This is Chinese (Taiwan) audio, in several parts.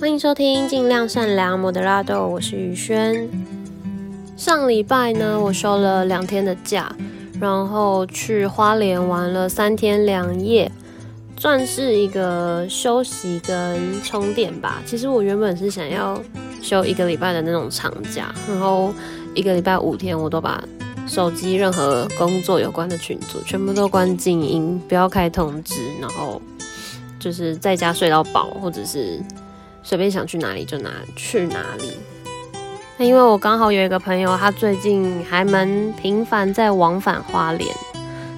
歡迎收聽《盡量善良、er》摩德拉豆，我是雨軒。上禮拜呢，我休了兩天的假，然後去花蓮玩了三天兩夜，算是一個休息跟充電吧。其實我原本是想要休一個禮拜的那種長假，然後一個禮拜五天我都把手機任何工作有關的群組全部都關靜音，不要開通知，然後就是在家睡到飽，或者是隨便想去哪裡就拿去哪裡。那因為我剛好有一個朋友，他最近還蠻頻繁在往返花蓮，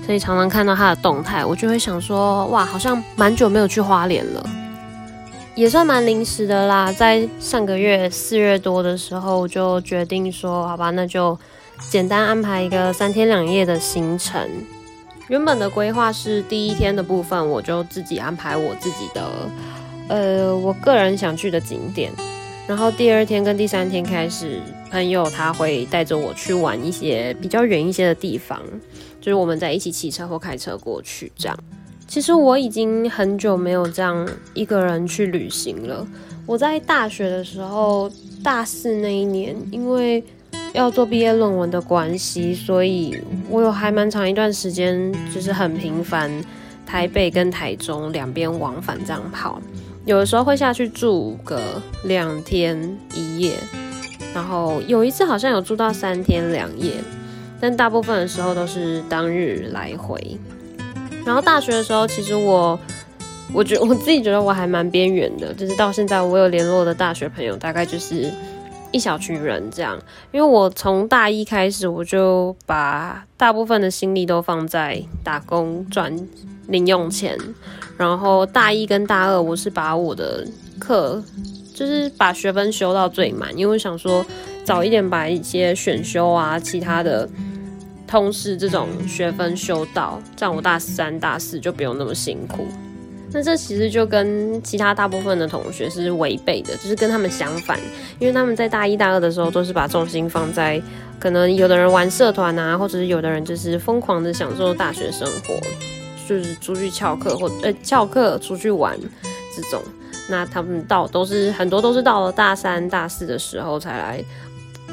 所以常常看到他的動態，我就會想說：哇，好像蠻久沒有去花蓮了，也算蠻臨時的啦。在上個月四月多的時候，就決定說：好吧，那就。簡單安排一個三天兩夜的行程，原本的規劃是第一天的部分，我就自己安排我自己的，呃，我個人想去的景點。然後第二天跟第三天開始，朋友他會帶着我去玩一些比較遠一些的地方，就是我們在一起騎車或開車過去這樣。其實我已經很久沒有這樣一個人去旅行了。我在大學的時候，大四那一年，因為要做畢業論文的關係，所以我有還蠻長一段時間，就是很頻繁台北跟台中兩邊往返這樣跑。有的時候會下去住個兩天一夜，然後有一次好像有住到三天兩夜，但大部分的時候都是當日來回。然後大學的時候，其實我，我覺我自己覺得我還蠻邊緣的，就是到現在我有聯絡的大學朋友，大概就是。一小群人這樣，因為我從大一開始，我就把大部分的心力都放在打工賺零用錢。然後大一跟大二，我是把我的課，就是把學分修到最滿，因為我想說早一點把一些選修啊、其他的通識這種學分修到，這樣我大三、大四就不用那麼辛苦。那這其實就跟其他大部分的同學是違背的，就是跟他們相反，因為他們在大一、大二的時候都是把重心放在可能有的人玩社團啊，或者是有的人就是瘋狂的享受大學生活，就是出去翹課或呃、欸、翹課出去玩這種。那他們到都是很多都是到了大三、大四的時候才來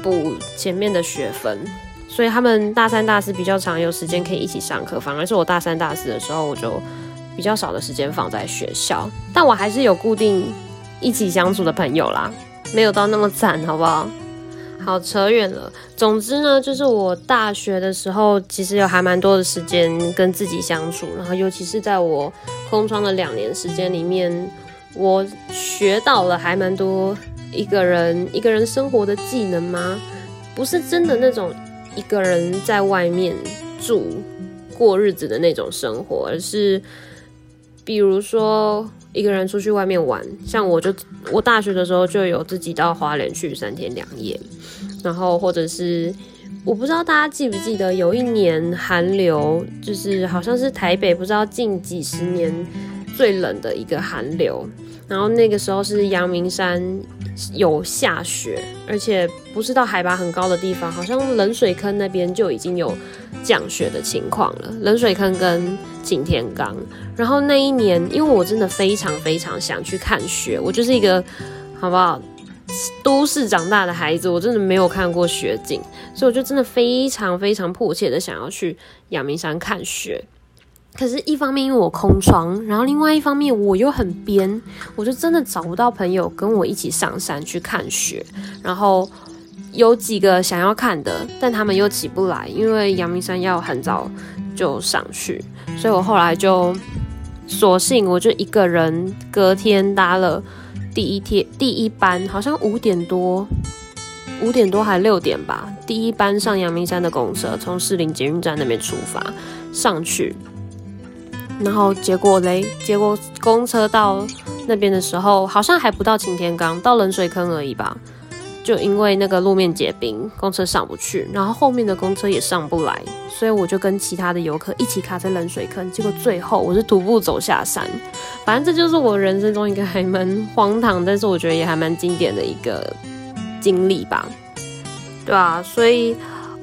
補前面的學分，所以他們大三、大四比較常，有時間可以一起上課，反而是我大三、大四的時候我就。比較少的時間放在學校，但我還是有固定一起相處的朋友啦，沒有到那麼慘，好不好？好，扯遠了。總之呢，就是我大學的時候，其實有還蠻多的時間跟自己相處，然後尤其是在我空窗的兩年時間裡面，我學到了還蠻多一個人一個人生活的技能嗎？不是真的那種一個人在外面住過日子的那種生活，而是。比如說，一個人出去外面玩，像我就我大學的時候就有自己到花蓮去三天兩夜，然後或者是我不知道大家記不記得，有一年寒流，就是好像是台北不知道近幾十年最冷的一個寒流。然後那個時候是陽明山有下雪，而且不是到海拔很高的地方，好像冷水坑那邊就已經有降雪的情況了。冷水坑跟擎天崗。然後那一年，因為我真的非常非常想去看雪，我就是一個好不好？都市長大的孩子，我真的沒有看過雪景，所以我就真的非常非常迫切的想要去陽明山看雪。可是，一方面因為我空窗，然後另外一方面我又很編，我就真的找不到朋友跟我一起上山去看雪。然後有幾個想要看的，但他們又起不來，因為陽明山要很早就上去，所以我後來就索性，我就一個人隔天搭了第一天第一班，好像五點多，五點多還六點吧，第一班上陽明山的公車，從士林捷運站那邊出發上去。然後結果嘞，結果公車到那邊的時候，好像還不到擎天崗，到冷水坑而已吧。就因為那個路面結冰，公車上不去，然後後面的公車也上不來，所以我就跟其他的遊客一起卡在冷水坑。結果最後我是徒步走下山，反正這就是我人生中一個還蠻荒唐，但是我覺得也還蠻經典的一個經歷吧。對啊，所以。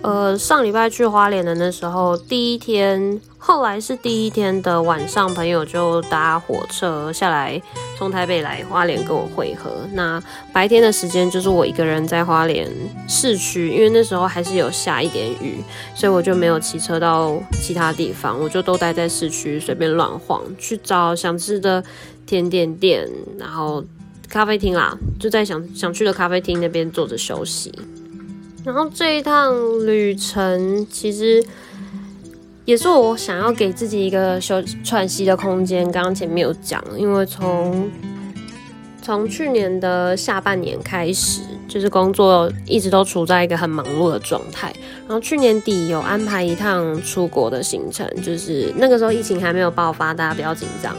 呃，上禮拜去花蓮的那時候，第一天後來是第一天的晚上，朋友就搭火車下來，從台北來花蓮跟我會合。那白天的時間就是我一個人在花蓮市區，因為那時候還是有下一點雨，所以我就沒有騎車到其他地方，我就都待在市區隨便亂晃，去找想吃的甜點店，然後咖啡廳啦，就在想想去的咖啡廳那邊坐着休息。然後這一趟旅程其實也是我想要給自己一個休息、喘息的空間。剛剛前面有講，因為從從去年的下半年開始，就是工作一直都處在一個很忙碌的狀態。然後去年底有安排一趟出國的行程，就是那個時候疫情還沒有爆發，大家不要緊張。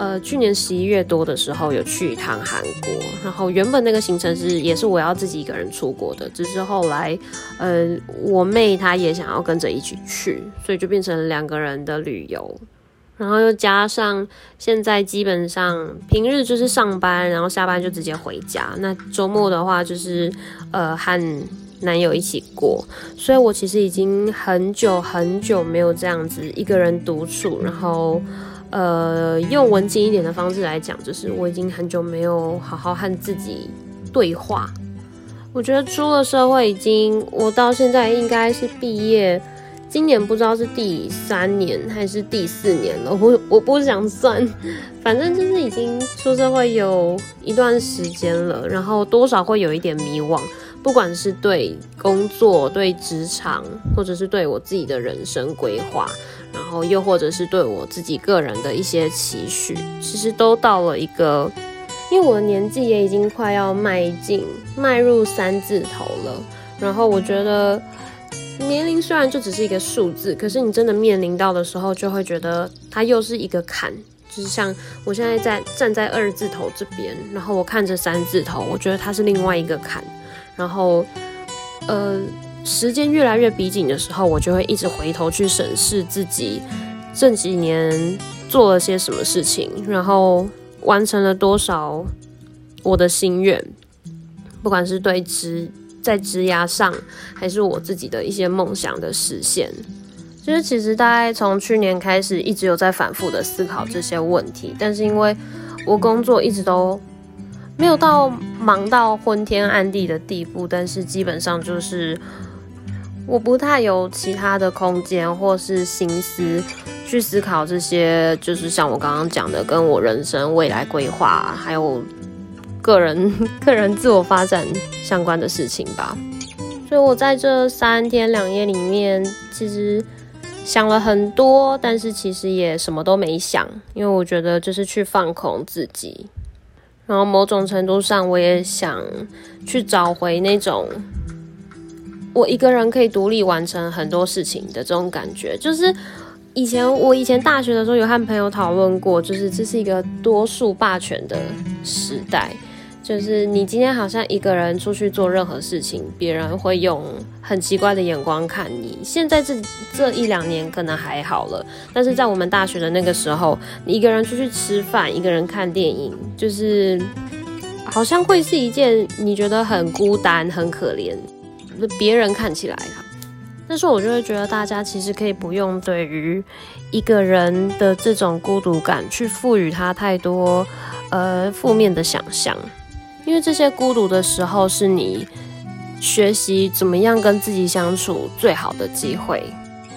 呃，去年十一月多的時候有去一趟韓國，然後原本那個行程是也是我要自己一個人出國的，只是後來，呃，我妹她也想要跟着一起去，所以就變成兩個人的旅遊，然後又加上現在基本上平日就是上班，然後下班就直接回家，那周末的話就是呃和男友一起過，所以我其實已經很久很久沒有這樣子一個人獨處，然後。呃，用文青一點的方式來講，就是我已經很久沒有好好和自己對話。我覺得出了社會，已經我到現在應該是畢業，今年不知道是第三年還是第四年了，我我不想算，反正就是已經出社會有一段時間了，然後多少會有一點迷惘。不管是對工作、對職場，或者是對我自己的人生規劃，然後又或者是對我自己個人的一些期許，其實都到了一個，因為我的年紀也已經快要邁進、邁入三字頭了。然後我覺得，年齡雖然就只是一個數字，可是你真的面臨到的時候，就會覺得它又是一個坎。就是像我現在在站在二字頭這邊，然後我看着三字頭，我覺得它是另外一個坎。然後，呃，時間越來越逼近的時候，我就會一直回頭去審視自己這幾年做了些什麼事情，然後完成了多少我的心願，不管是對職在職涯上，還是我自己的一些夢想的實現。就是其實大概從去年開始，一直有在反覆的思考這些問題，但是因為我工作一直都。沒有到忙到昏天暗地的地步，但是基本上就是我不太有其他的空間或是心思去思考這些，就是像我剛剛講的，跟我人生未來規劃還有個人個人自我發展相關的事情吧。所以，我在這三天兩夜裡面，其實想了很多，但是其實也什麼都沒想，因為我覺得就是去放空自己。然後，某種程度上，我也想去找回那種我一個人可以獨立完成很多事情的這種感覺。就是以前，我以前大學的時候有和朋友討論過，就是這是一個多數霸權的時代。就是你今天好像一個人出去做任何事情，別人會用很奇怪的眼光看你。現在這這一兩年可能還好了，但是在我們大學的那個時候，你一個人出去吃飯，一個人看電影，就是好像會是一件你覺得很孤單、很可憐。別人看起來，但是我就會覺得大家其實可以不用對於一個人的這種孤獨感去賦予他太多呃負面的想象。因為這些孤獨的時候，是你學習怎麼樣跟自己相處最好的機會。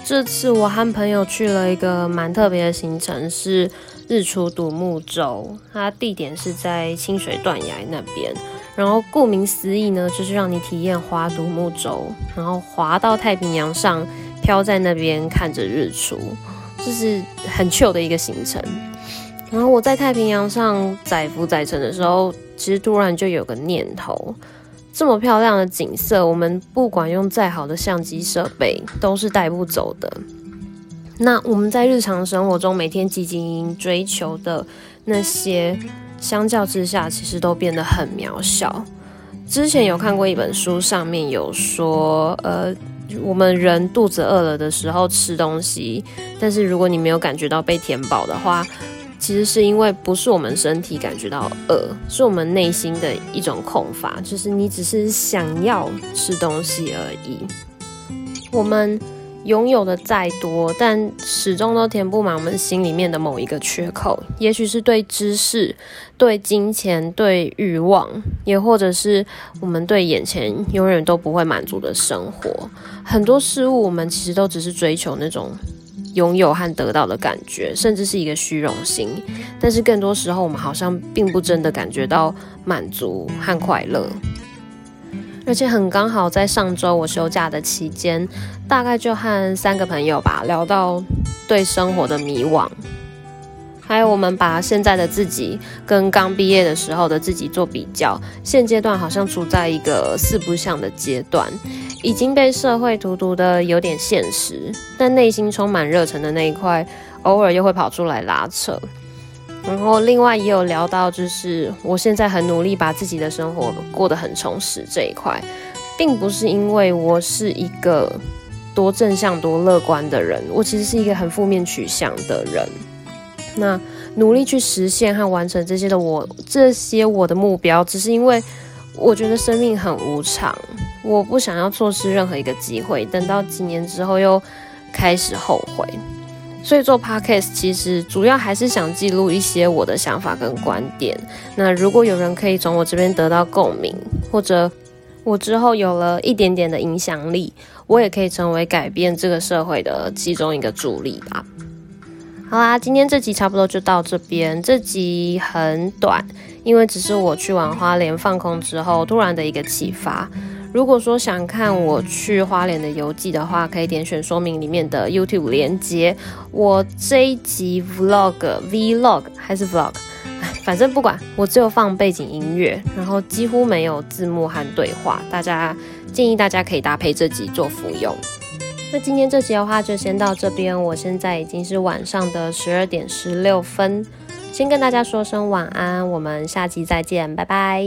這次我和朋友去了一個蠻特別的行程，是日出獨木舟，它地點是在清水斷崖那邊。然後顧名思義呢，就是讓你體驗划獨木舟，然後划到太平洋上，飄在那邊看着日出，這是很 chill 的一個行程。然後我在太平洋上載浮載沉的時候。其實突然就有個念頭，這麼漂亮的景色，我們不管用再好的相機設備都是帶不走的。那我們在日常生活中每天汲汲營營追求的那些，相較之下，其實都變得很渺小。之前有看過一本書，上面有說，呃，我們人肚子餓了的時候吃東西，但是如果你沒有感覺到被填飽的話。其實是因為不是我們身體感覺到餓，是我們內心的一種空乏，就是你只是想要吃東西而已。我們擁有的再多，但始終都填不滿我們心裡面的某一個缺口。也許是對知識、對金錢、對慾望，也或者是我們對眼前永遠都不會滿足的生活。很多事物，我們其實都只是追求那種。擁有和得到的感覺，甚至是一個虛榮心，但是更多時候我們好像並不真的感覺到滿足和快樂。而且很剛好，在上周我休假的期間，大概就和三個朋友吧，聊到對生活的迷惘，還有我們把現在的自己跟剛畢業的時候的自己做比較，現階段好像處在一個四不像的階段。已經被社會荼毒的有點現實，但內心充滿熱忱的那一塊，偶爾又會跑出來拉扯。然後另外也有聊到，就是我現在很努力把自己的生活過得很充實這一塊，並不是因為我是一個多正向、多樂觀的人，我其實是一個很負面取向的人。那努力去實現和完成這些的我，這些我的目標，只是因為。我覺得生命很無常，我不想要錯失任何一個機會，等到幾年之後又開始後悔。所以做 Podcast 其實主要還是想記錄一些我的想法跟觀點。那如果有人可以從我這邊得到共鳴，或者我之後有了一點點的影響力，我也可以成為改變這個社會的其中一個助力吧。好啦，今天這集差不多就到這邊，這集很短。因為只是我去完花蓮放空之後突然的一個啟發。如果說想看我去花蓮的遊記的話，可以點選說明裡面的 YouTube 連結。我這一集 Vlog、Vlog 還是 Vlog，哎，反正不管，我只有放背景音樂，然後幾乎沒有字幕和對話。大家建議大家可以搭配這集做服用。那今天這集的話就先到這邊，我現在已經是晚上的十二點十六分。先跟大家說聲晚安，我們下集再見，拜拜。